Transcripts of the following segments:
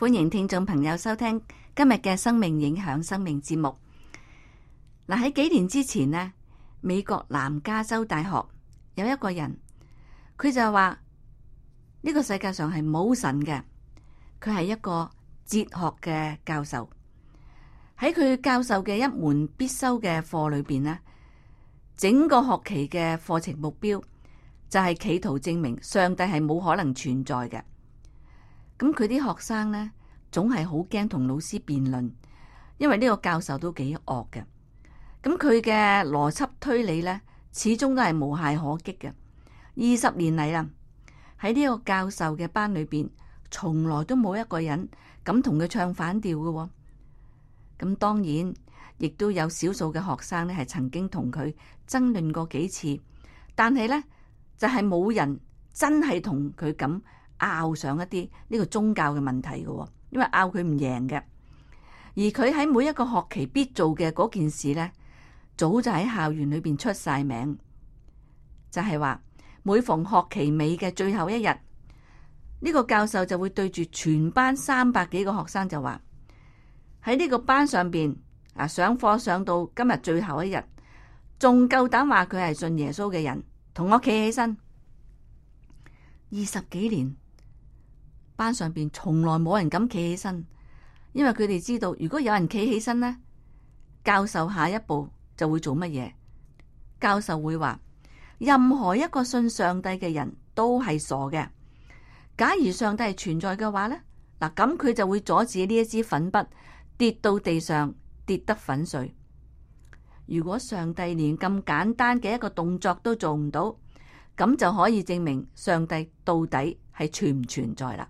歡迎聽眾朋友收聽今日嘅生命影響生命節目。嗱，喺幾年之前咧，美國南加州大學有一個人，佢就話呢、這個世界上係冇神嘅。佢係一個哲學嘅教授，喺佢教授嘅一門必修嘅課裏邊咧，整個學期嘅課程目標就係企圖證明上帝係冇可能存在嘅。咁佢啲學生咧，總係好驚同老師辯論，因為呢個教授都幾惡嘅。咁佢嘅邏輯推理咧，始終都係無懈可擊嘅。二十年嚟啦，喺呢個教授嘅班裏邊，從來都冇一個人敢同佢唱反調嘅。咁當然，亦都有少數嘅學生咧，係曾經同佢爭論過幾次，但係咧就係、是、冇人真係同佢咁。拗上一啲呢個宗教嘅問題嘅喎，因為拗佢唔贏嘅。而佢喺每一個學期必做嘅嗰件事呢，早就喺校園裏邊出晒名，就係話每逢學期尾嘅最後一日，呢個教授就會對住全班三百幾個學生就話，喺呢個班上邊啊，上課上到今日最後一日，仲夠膽話佢係信耶穌嘅人，同我企起身，二十幾年。班上邊從來冇人敢企起身，因為佢哋知道，如果有人企起身呢，教授下一步就會做乜嘢？教授會話：任何一個信上帝嘅人都係傻嘅。假如上帝係存在嘅話呢，嗱，咁佢就會阻止呢一支粉筆跌到地上，跌得粉碎。如果上帝連咁簡單嘅一個動作都做唔到，咁就可以證明上帝到底係存唔存在啦。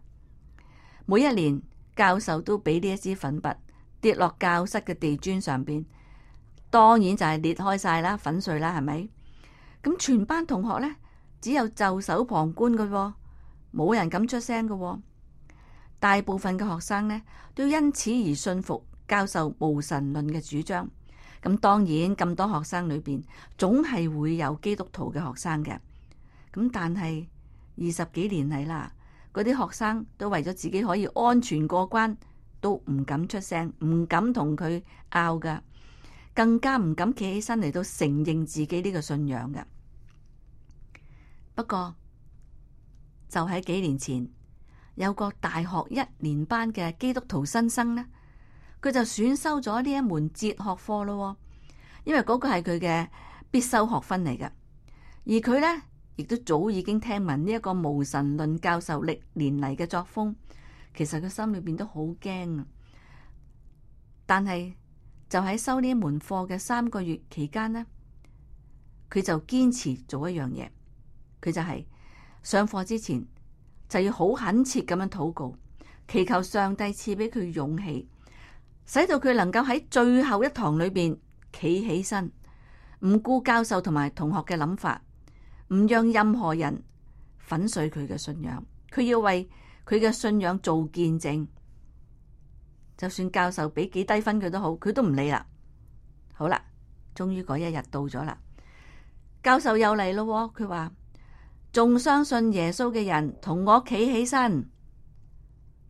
每一年，教授都俾呢一支粉筆跌落教室嘅地磚上邊，當然就係裂開曬啦，粉碎啦，係咪？咁全班同學咧，只有袖手旁觀㗎喎，冇人敢出聲㗎喎。大部分嘅學生咧，都因此而信服教授無神論嘅主張。咁當然，咁多學生裏邊，總係會有基督徒嘅學生嘅。咁但係二十幾年嚟啦。嗰啲學生都為咗自己可以安全過關，都唔敢出聲，唔敢同佢拗噶更加唔敢企起身嚟到承認自己呢個信仰㗎。不過就喺幾年前，有個大學一年班嘅基督徒新生咧，佢就選修咗呢一門哲學科咯，因為嗰個係佢嘅必修學分嚟嘅，而佢咧。亦都早已經聽聞呢一個無神論教授歷年嚟嘅作風，其實佢心裏邊都好驚。但係就喺收呢一門課嘅三個月期間呢，佢就堅持做一樣嘢，佢就係、是、上課之前就要好懇切咁樣禱告，祈求上帝賜俾佢勇氣，使到佢能夠喺最後一堂裏邊企起身，唔顧教授同埋同學嘅諗法。唔讓任何人粉碎佢嘅信仰，佢要為佢嘅信仰做見證。就算教授俾幾低分佢都好，佢都唔理啦。好啦，終於嗰一日到咗啦。教授又嚟咯，佢話仲相信耶穌嘅人同我企起身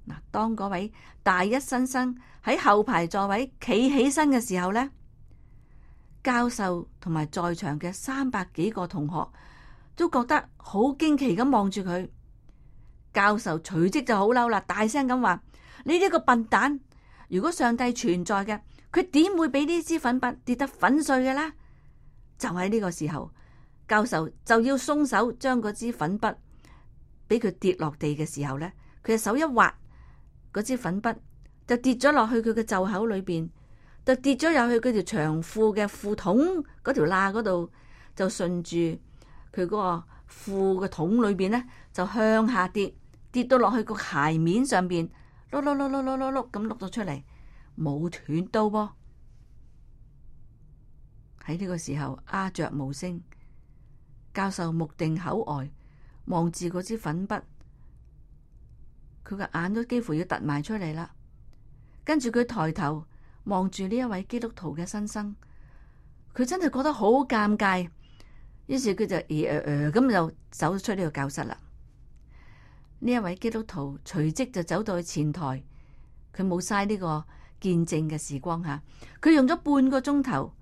嗱。當嗰位大一新生喺後排座位企起身嘅時候呢，教授同埋在場嘅三百幾個同學。都覺得好驚奇咁望住佢。教授隨即就好嬲啦，大聲咁話：你呢個笨蛋！如果上帝存在嘅，佢點會俾呢支粉筆跌得粉碎嘅咧？就喺呢個時候，教授就要鬆手將嗰支粉筆俾佢跌落地嘅時候咧，佢嘅手一滑，嗰支粉筆就跌咗落去佢嘅袖口裏邊，就跌咗入去佢條長褲嘅褲筒嗰條罅嗰度，就順住。佢嗰個褲嘅筒裏邊呢，就向下跌，跌到落去個鞋面上邊，碌碌碌碌碌碌碌咁碌咗出嚟，冇斷到噃。喺呢個時候，鴉雀無聲，教授目定口呆，望住嗰支粉筆，佢嘅眼都幾乎要凸埋出嚟啦。跟住佢抬頭望住呢一位基督徒嘅新生，佢真係覺得好尷尬。於是佢就誒誒誒咁就走出呢個教室啦。呢一位基督徒隨即就走到去前台，佢冇嘥呢個見證嘅時光吓，佢用咗半個鐘頭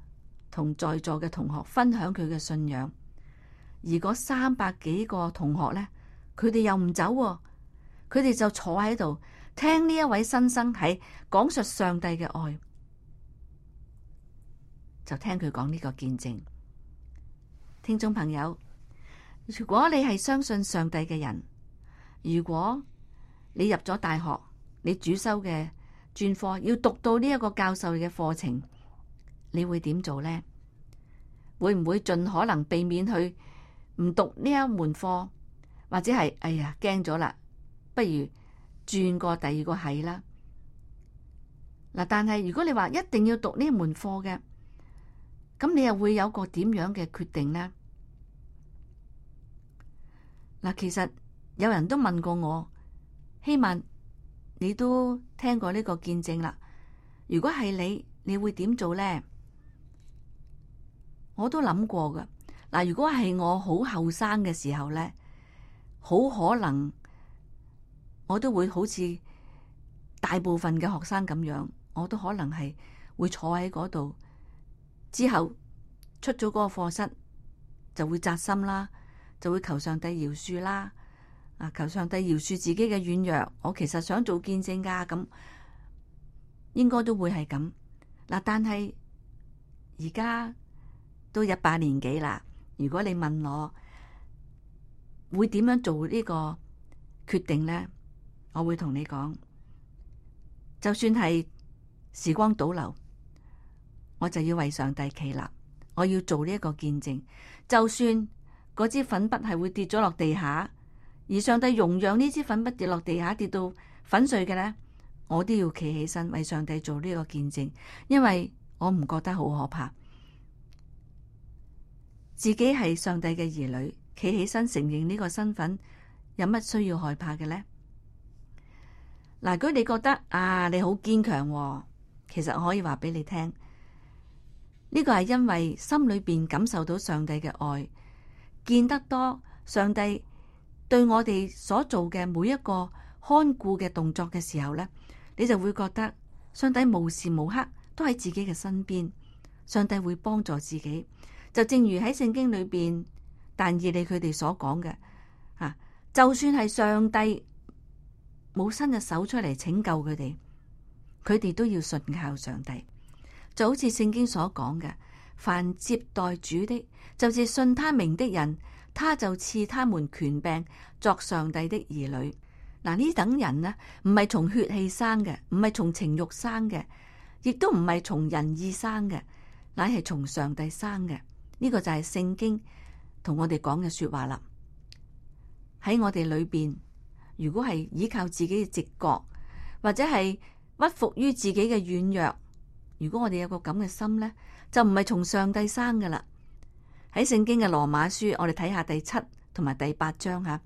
同在座嘅同學分享佢嘅信仰。而嗰三百幾個同學呢，佢哋又唔走喎，啊，佢哋就坐喺度聽呢位新生喺講述上帝嘅愛，就聽佢講呢個見證。聽眾朋友，如果你係相信上帝嘅人，如果你入咗大學，你主修嘅專科要讀到呢一個教授嘅課程，你會點做呢？會唔會盡可能避免去唔讀呢一門課，或者係哎呀驚咗啦，不如轉過第二個系啦？嗱，但係如果你話一定要讀呢門課嘅，咁你又會有個點樣嘅決定呢？嗱，其實有人都問過我，希望你都聽過呢個見證啦。如果係你，你會點做咧？我都諗過㗎。嗱，如果係我好後生嘅時候咧，好可能我都會好似大部分嘅學生咁樣，我都可能係會坐喺嗰度，之後出咗嗰個課室就會扎心啦。就會求上帝饒恕啦，啊，求上帝饒恕自己嘅軟弱。我其實想做見證噶、啊，咁應該都會係咁嗱。但係而家都一把年幾啦。如果你問我會點樣做呢個決定咧，我會同你講，就算係時光倒流，我就要為上帝企立，我要做呢一個見證，就算。嗰支粉筆係會跌咗落地下，而上帝容讓呢支粉筆跌落地下跌到粉碎嘅，呢，我都要企起身為上帝做呢個見證，因為我唔覺得好可怕，自己係上帝嘅兒女，企起身承認呢個身份，有乜需要害怕嘅呢？嗱，如果你覺得啊你好堅強喎，其實我可以話俾你聽，呢個係因為心裏邊感受到上帝嘅愛。見得多，上帝對我哋所做嘅每一個看顧嘅動作嘅時候咧，你就會覺得上帝無時無刻都喺自己嘅身邊，上帝會幫助自己。就正如喺聖經裏邊，但以理佢哋所講嘅吓，就算係上帝冇伸隻手出嚟拯救佢哋，佢哋都要順靠上帝。就好似聖經所講嘅。凡接待主的，就是信他名的人，他就賜他們權柄作上帝的兒女。嗱，呢等人呢，唔係從血氣生嘅，唔係從情欲生嘅，亦都唔係從人意生嘅，乃係從上帝生嘅。呢、呢個就係聖經同我哋講嘅說話啦。喺我哋裏邊，如果係依靠自己嘅直覺，或者係屈服於自己嘅軟弱，如果我哋有個咁嘅心呢。就唔係從上帝生噶啦。喺聖經嘅羅馬書，我哋睇下第七同埋第八章吓。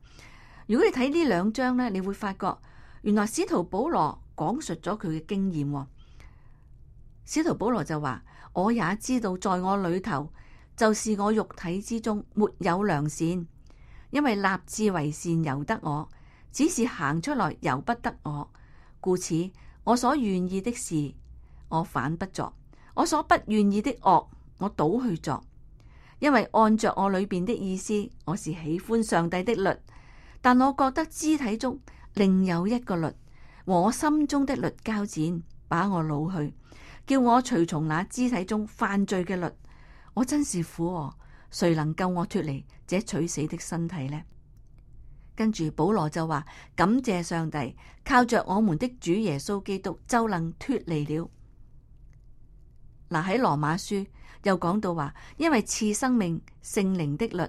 如果你睇呢兩章咧，你會發覺原來使徒保羅講述咗佢嘅經驗。使徒保羅就話：我也知道，在我裡頭，就是我肉體之中，沒有良善，因為立志為善由得我，只是行出來由不得我，故此我所願意的事，我反不作。我所不願意的惡，我倒去作，因為按着我裏面的意思，我是喜歡上帝的律。但我覺得肢體中另有一個律，和我心中的律交戰，把我擄去，叫我隨從那肢體中犯罪嘅律。我真是苦，哦，誰能救我脫離這取死的身體呢？跟住保羅就話：感謝上帝，靠着我們的主耶穌基督，就能脫離了。嗱，喺羅馬書又講到話，因為賜生命聖靈的律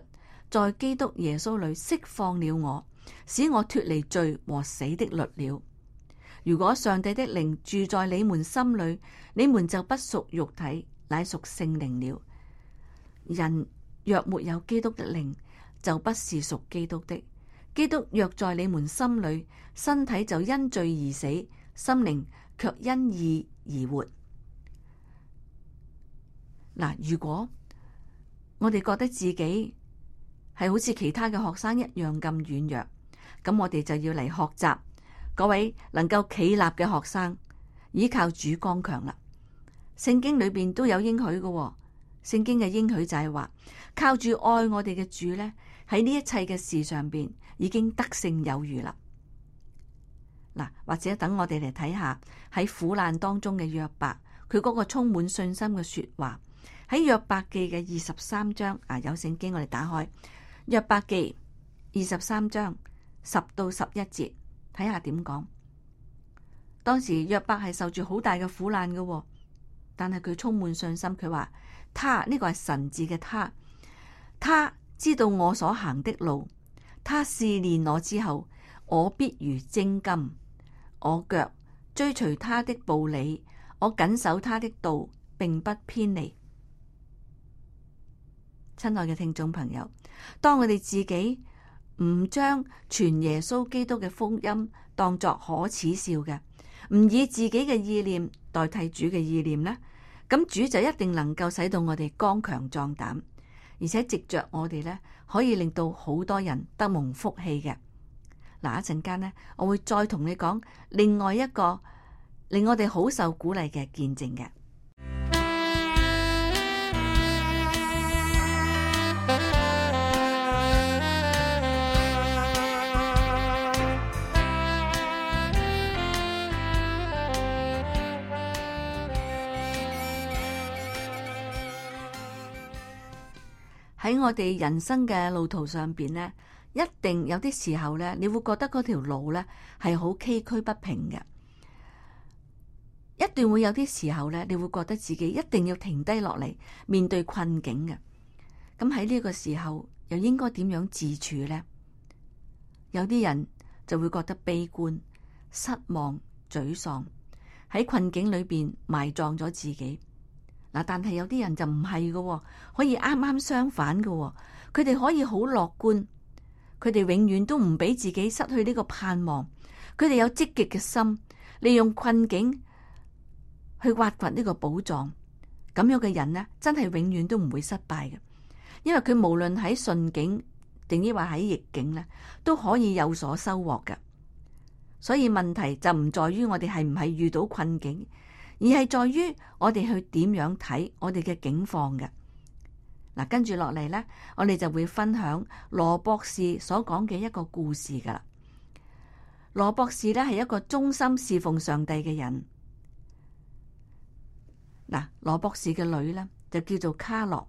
在基督耶穌裏釋放了我，使我脫離罪和死的律了。如果上帝的靈住在你們心裏，你們就不屬肉體，乃屬聖靈了。人若沒有基督的靈，就不是屬基督的。基督若在你們心裏，身體就因罪而死，心靈卻因義而活。嗱，如果我哋覺得自己係好似其他嘅學生一樣咁軟弱，咁我哋就要嚟學習各位能夠企立嘅學生，依靠主剛強啦。聖經裏邊都有應許嘅，哦，聖經嘅應許就係話靠住愛我哋嘅主呢，喺呢一切嘅事上邊已經得勝有餘啦。嗱，或者等我哋嚟睇下喺苦難當中嘅約伯，佢嗰個充滿信心嘅說話。喺約伯記嘅二十三章啊，有聖經，我哋打開約伯記二十三章十到十一節，睇下點講。當時約伯係受住好大嘅苦難嘅、哦，但係佢充滿信心。佢話他呢、這個係神智嘅他，他知道我所行的路，他試煉我之後，我必如精金。我腳追隨他的步履，我緊守他的道，並不偏離。親愛嘅聽眾朋友，當我哋自己唔將全耶穌基督嘅福音當作可恥笑嘅，唔以自己嘅意念代替主嘅意念呢，咁主就一定能夠使到我哋剛強壯膽，而且藉着我哋呢，可以令到好多人得蒙福氣嘅。嗱，一陣間呢，我會再同你講另外一個令我哋好受鼓勵嘅見證嘅。喺我哋人生嘅路途上邊呢，一定有啲時候呢，你會覺得嗰條路呢係好崎嶇不平嘅。一定會有啲時候呢，你會覺得自己一定要停低落嚟，面對困境嘅。咁喺呢個時候又應該點樣自處呢？有啲人就會覺得悲觀、失望、沮喪，喺困境裏邊埋葬咗自己。嗱，但係有啲人就唔係嘅，可以啱啱相反嘅，佢哋可以好樂觀，佢哋永遠都唔俾自己失去呢個盼望，佢哋有積極嘅心，利用困境去挖掘呢個寶藏，咁樣嘅人呢，真係永遠都唔會失敗嘅，因為佢無論喺順境定抑或喺逆境呢，都可以有所收穫嘅。所以問題就唔在於我哋係唔係遇到困境。而係在於我哋去點樣睇我哋嘅境況嘅。嗱，跟住落嚟咧，我哋就會分享羅博士所講嘅一個故事噶啦。羅博士咧係一個忠心侍奉上帝嘅人。嗱，羅博士嘅女咧就叫做卡洛，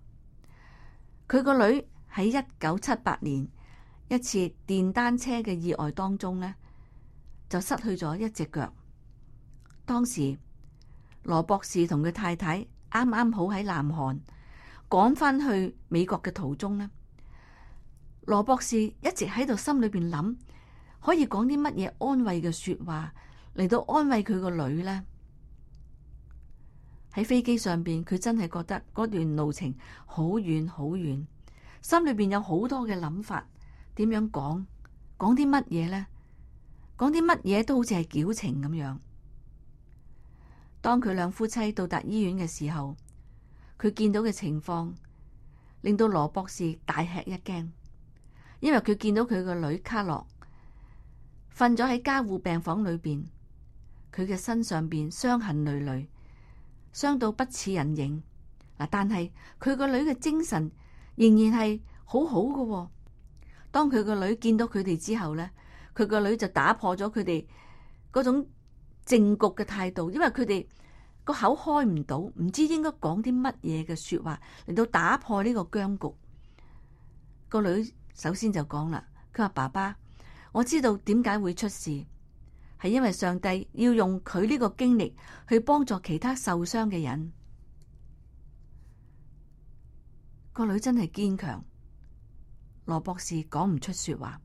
佢個女喺一九七八年一次電單車嘅意外當中咧就失去咗一隻腳，當時。羅博士同佢太太啱啱好喺南韓趕返去美國嘅途中呢，羅博士一直喺度心裏邊諗，可以講啲乜嘢安慰嘅說話嚟到安慰佢個女呢？喺飛機上邊，佢真係覺得嗰段路程好遠好遠，心裏邊有好多嘅諗法，點樣講，講啲乜嘢呢？講啲乜嘢都好似係矯情咁樣。當佢兩夫妻到達醫院嘅時候，佢見到嘅情況令到羅博士大吃一驚，因為佢見到佢個女卡洛瞓咗喺加護病房裏邊，佢嘅身上邊傷痕累累，傷到不似人形。嗱，但係佢個女嘅精神仍然係好好嘅。當佢個女見到佢哋之後咧，佢個女就打破咗佢哋嗰種。政局嘅態度，因為佢哋個口開唔到，唔知應該講啲乜嘢嘅說話，嚟到打破呢個僵局。個女首先就講啦，佢話爸爸，我知道點解會出事，係因為上帝要用佢呢個經歷去幫助其他受傷嘅人。個女真係堅強，羅博士講唔出說話。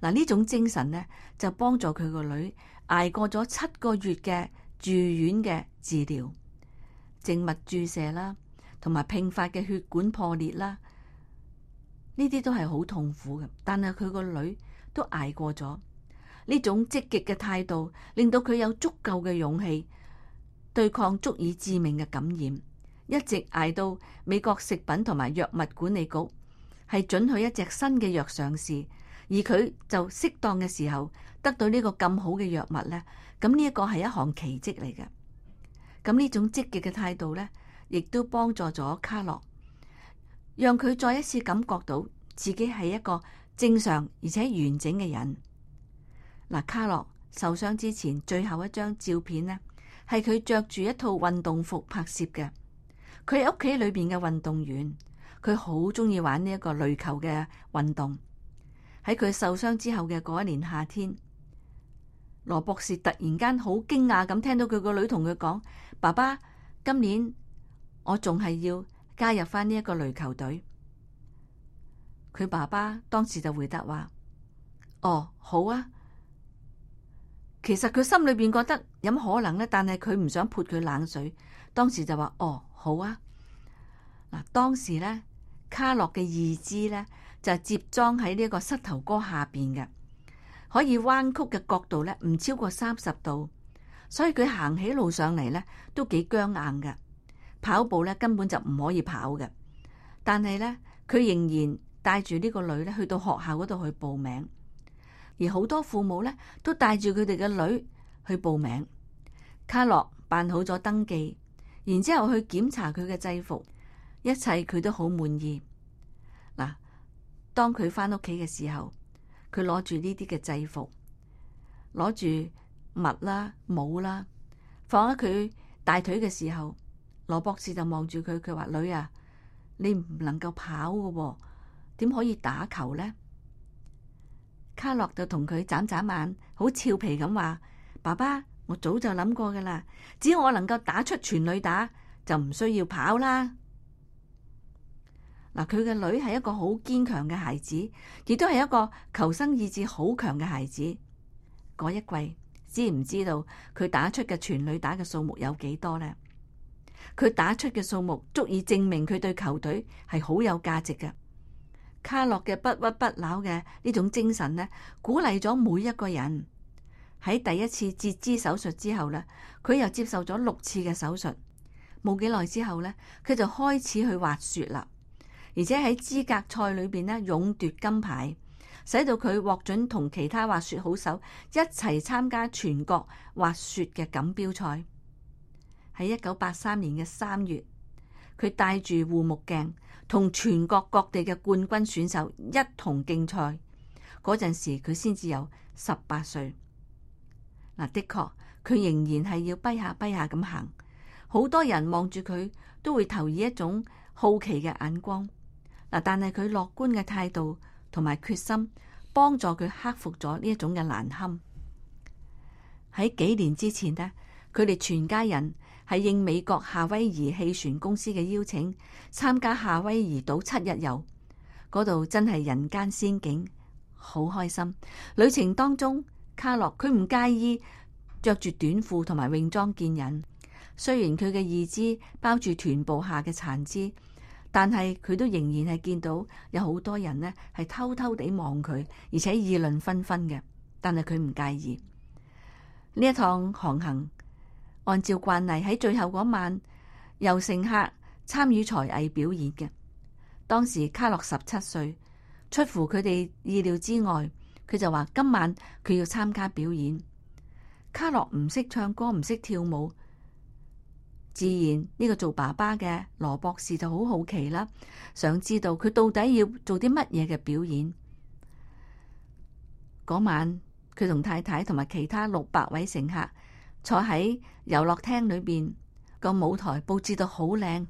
嗱，呢種精神呢，就幫助佢個女，捱過咗七個月嘅住院嘅治療，靜脈注射啦，同埋併發嘅血管破裂啦，呢啲都係好痛苦嘅。但係佢個女都捱過咗，呢種積極嘅態度令到佢有足夠嘅勇氣對抗足以致命嘅感染，一直捱到美國食品同埋藥物管理局係準許一隻新嘅藥上市。而佢就適當嘅時候得到呢個咁好嘅藥物呢，咁呢一個係一項奇跡嚟嘅。咁呢種積極嘅態度呢，亦都幫助咗卡洛，讓佢再一次感覺到自己係一個正常而且完整嘅人嗱。卡洛受傷之前最後一張照片呢，係佢着住一套運動服拍攝嘅。佢喺屋企裏邊嘅運動員，佢好中意玩呢一個壘球嘅運動。喺佢受傷之後嘅嗰一年夏天，羅博士突然間好驚訝咁聽到佢個女同佢講：爸爸，今年我仲係要加入返呢一個壘球隊。佢爸爸當時就回答話：哦，好啊。其實佢心裏邊覺得有乜可能咧？但係佢唔想潑佢冷水，當時就話：哦，好啊。嗱，當時咧，卡洛嘅意志咧。就接裝喺呢個膝頭哥下邊嘅，可以彎曲嘅角度咧，唔超過三十度，所以佢行起路上嚟咧都幾僵硬嘅。跑步咧，根本就唔可以跑嘅，但係咧佢仍然帶住呢個女咧去到學校嗰度去報名，而好多父母咧都帶住佢哋嘅女去報名。卡洛辦好咗登記，然之後去檢查佢嘅制服，一切佢都好滿意。當佢返屋企嘅時候，佢攞住呢啲嘅制服，攞住襪啦、帽啦，放喺佢大腿嘅時候，羅博士就望住佢，佢話女啊，你唔能夠跑嘅喎，點可以打球咧？卡洛就同佢眨眨眼，好俏皮咁話：爸爸，我早就諗過噶啦，只要我能夠打出全壘打，就唔需要跑啦。嗱，佢嘅女係一個好堅強嘅孩子，亦都係一個求生意志好強嘅孩子。嗰一季，知唔知道佢打出嘅全壘打嘅數目有幾多呢？佢打出嘅數目足以證明佢對球隊係好有價值嘅。卡洛嘅不屈不撓嘅呢種精神呢，鼓勵咗每一個人。喺第一次截肢手術之後呢，佢又接受咗六次嘅手術。冇幾耐之後呢，佢就開始去滑雪啦。而且喺資格賽裏邊咧，勇奪金牌，使到佢獲准同其他滑雪好手一齊參加全國滑雪嘅錦標賽。喺一九八三年嘅三月，佢戴住護目鏡，同全國各地嘅冠軍選手一同競賽。嗰陣時佢先至有十八歲。嗱，的確佢仍然係要跛下跛下咁行，好多人望住佢都會投以一種好奇嘅眼光。但係佢樂觀嘅態度同埋決心，幫助佢克服咗呢一種嘅難堪。喺幾年之前呢，佢哋全家人係應美國夏威夷汽船公司嘅邀請，參加夏威夷島七日遊。嗰度真係人間仙境，好開心。旅程當中，卡洛佢唔介意着住短褲同埋泳裝見人，雖然佢嘅義肢包住臀部下嘅殘肢。但係佢都仍然係見到有好多人呢係偷偷地望佢，而且議論紛紛嘅。但係佢唔介意。呢一趟航行，按照慣例喺最後嗰晚，由乘客參與才藝表演嘅。當時卡洛十七歲，出乎佢哋意料之外，佢就話今晚佢要參加表演。卡洛唔識唱歌，唔識跳舞。自然呢個做爸爸嘅羅博士就好好奇啦，想知道佢到底要做啲乜嘢嘅表演。嗰晚，佢同太太同埋其他六百位乘客坐喺遊樂廳裏邊，個舞台布置到好靚，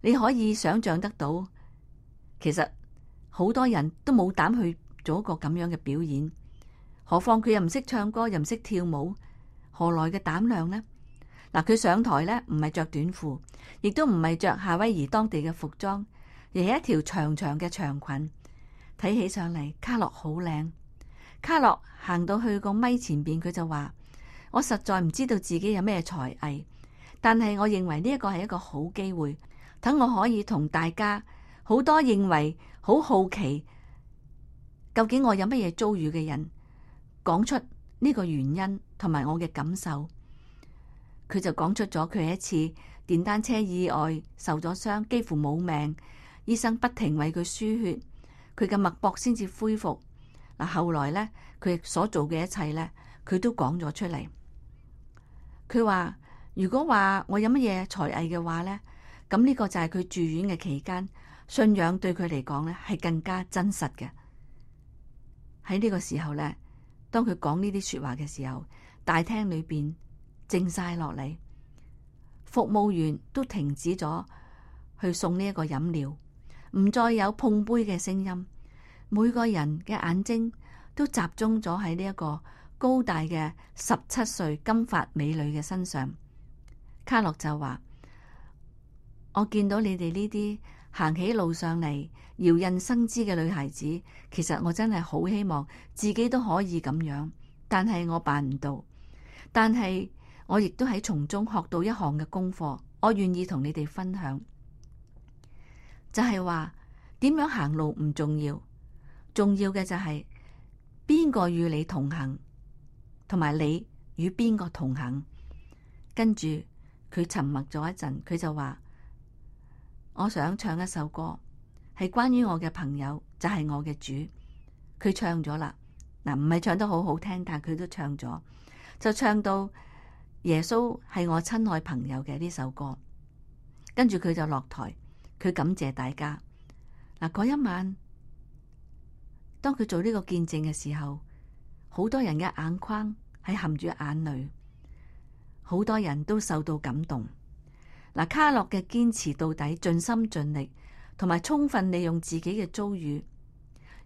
你可以想象得到。其實好多人都冇膽去做一個咁樣嘅表演，何況佢又唔識唱歌，又唔識跳舞，何來嘅膽量呢？嗱，佢上台咧，唔係着短褲，亦都唔係着夏威夷當地嘅服裝，而係一條長長嘅長裙，睇起上嚟卡洛好靚。卡洛行到去個咪前面，佢就話：我實在唔知道自己有咩才藝，但係我認為呢一個係一個好機會，等我可以同大家好多認為好好奇究竟我有乜嘢遭遇嘅人，講出呢個原因同埋我嘅感受。佢就講出咗佢一次電單車意外受咗傷，幾乎冇命，醫生不停為佢輸血，佢嘅脈搏先至恢復。嗱，後來咧，佢所做嘅一切咧，佢都講咗出嚟。佢話如果話我有乜嘢才藝嘅話咧，咁呢個就係佢住院嘅期間，信仰對佢嚟講咧係更加真實嘅。喺呢個時候咧，當佢講呢啲說話嘅時候，大廳裏邊。靜晒落嚟，服務員都停止咗去送呢一個飲料，唔再有碰杯嘅聲音。每個人嘅眼睛都集中咗喺呢一個高大嘅十七歲金髮美女嘅身上。卡洛就話：我見到你哋呢啲行起路上嚟，搖曳生姿嘅女孩子，其實我真係好希望自己都可以咁樣，但係我辦唔到，但係。我亦都喺從中學到一項嘅功課，我願意同你哋分享，就係話點樣行路唔重要，重要嘅就係邊個與你同行，同埋你與邊個同行。跟住佢沉默咗一陣，佢就話，我想唱一首歌，係關於我嘅朋友，就係、是、我嘅主。佢唱咗啦，嗱唔係唱得好好聽，但佢都唱咗，就唱到。耶穌係我親愛朋友嘅呢首歌，跟住佢就落台，佢感謝大家。嗱，嗰一晚，當佢做呢個見證嘅時候，好多人嘅眼眶喺含住眼淚，好多人都受到感動。嗱，卡洛嘅堅持到底，盡心盡力，同埋充分利用自己嘅遭遇，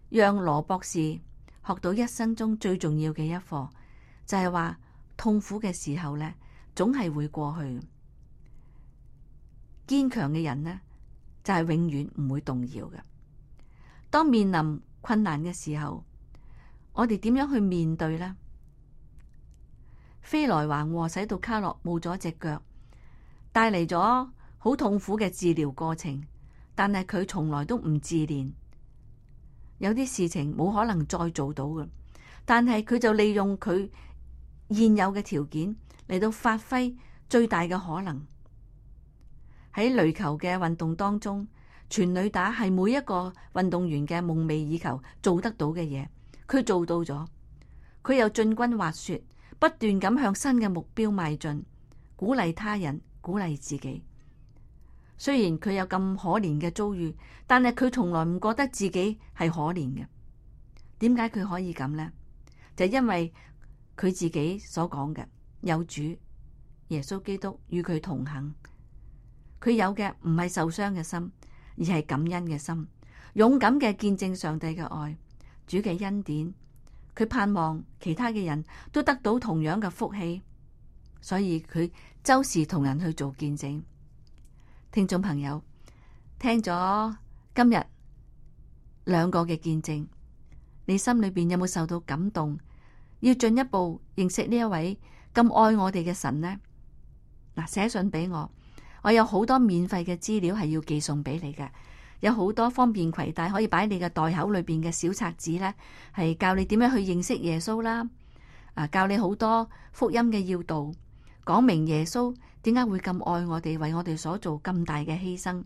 讓羅博士學到一生中最重要嘅一課，就係話。痛苦嘅時候呢，總係會過去。堅強嘅人呢，就係永遠唔會動搖嘅。當面臨困難嘅時候，我哋點樣去面對呢？飛來橫禍使到卡洛冇咗隻腳，帶嚟咗好痛苦嘅治療過程。但係佢從來都唔自憐。有啲事情冇可能再做到嘅，但係佢就利用佢。現有嘅條件嚟到發揮最大嘅可能，喺壘球嘅運動當中，全壘打係每一個運動員嘅夢寐以求，做得到嘅嘢，佢做到咗，佢又進軍滑雪，不斷咁向新嘅目標邁進，鼓勵他人，鼓勵自己。雖然佢有咁可憐嘅遭遇，但係佢從來唔覺得自己係可憐嘅。點解佢可以咁呢？就因為。佢自己所講嘅，有主耶穌基督與佢同行，佢有嘅唔係受傷嘅心，而係感恩嘅心，勇敢嘅見證上帝嘅愛，主嘅恩典。佢盼望其他嘅人都得到同樣嘅福氣，所以佢周時同人去做見證。聽眾朋友，聽咗今日兩個嘅見證，你心裏邊有冇受到感動？要進一步認識呢一位咁愛我哋嘅神呢，嗱，寫信俾我，我有好多免費嘅資料係要寄送俾你嘅，有好多方便携帶可以擺你嘅袋口裏邊嘅小冊子咧，係教你點樣去認識耶穌啦，啊教你好多福音嘅要道，講明耶穌點解會咁愛我哋，為我哋所做咁大嘅犧牲，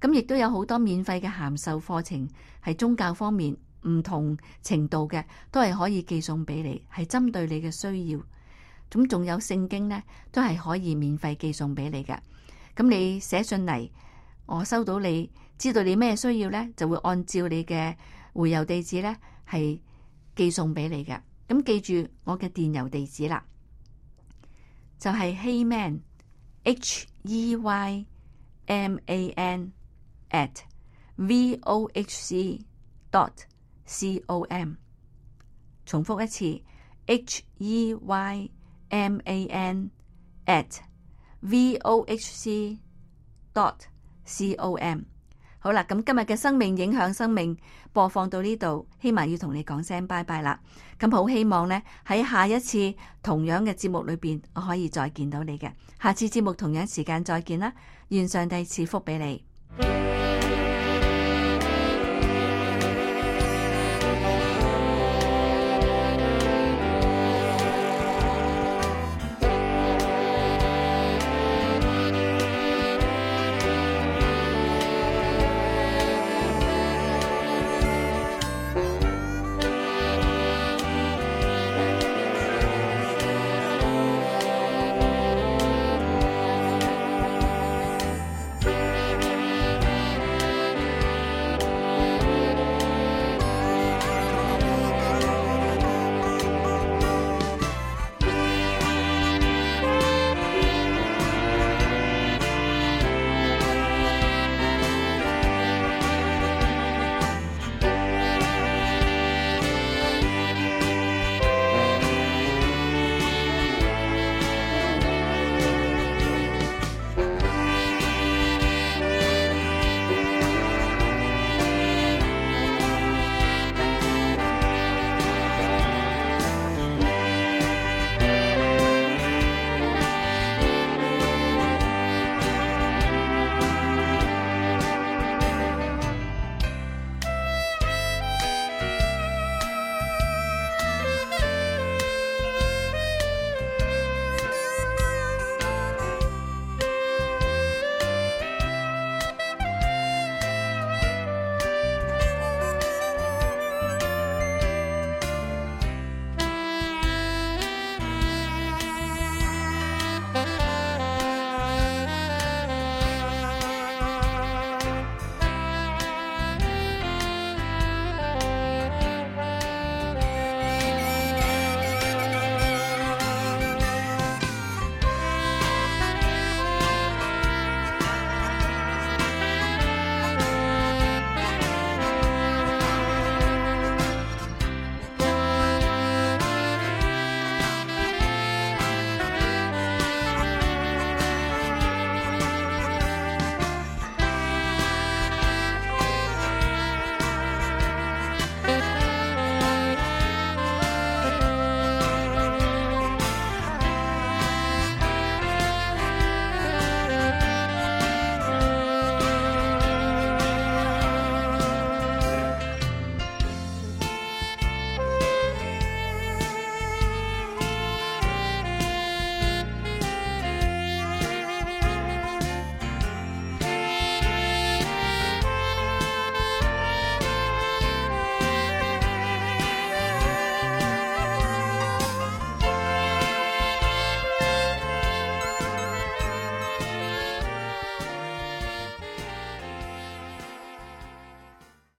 咁亦都有好多免費嘅函授課程係宗教方面。唔同程度嘅都係可以寄送俾你，係針對你嘅需要。咁仲有聖經呢，都係可以免費寄送俾你嘅。咁你寫信嚟，我收到，你知道你咩需要呢，就會按照你嘅回郵地址呢，係寄送俾你嘅。咁記住我嘅電郵地址啦，就係 Heyman H E Y M A N at V O H C dot com 重複一次，Heyman at vohc dot com。O M. 好啦，咁今日嘅生命影響生命播放到呢度，希望要同你講聲拜拜啦。咁好希望呢，喺下一次同樣嘅節目裏邊，我可以再見到你嘅。下次節目同樣時間再見啦。願上帝賜福俾你。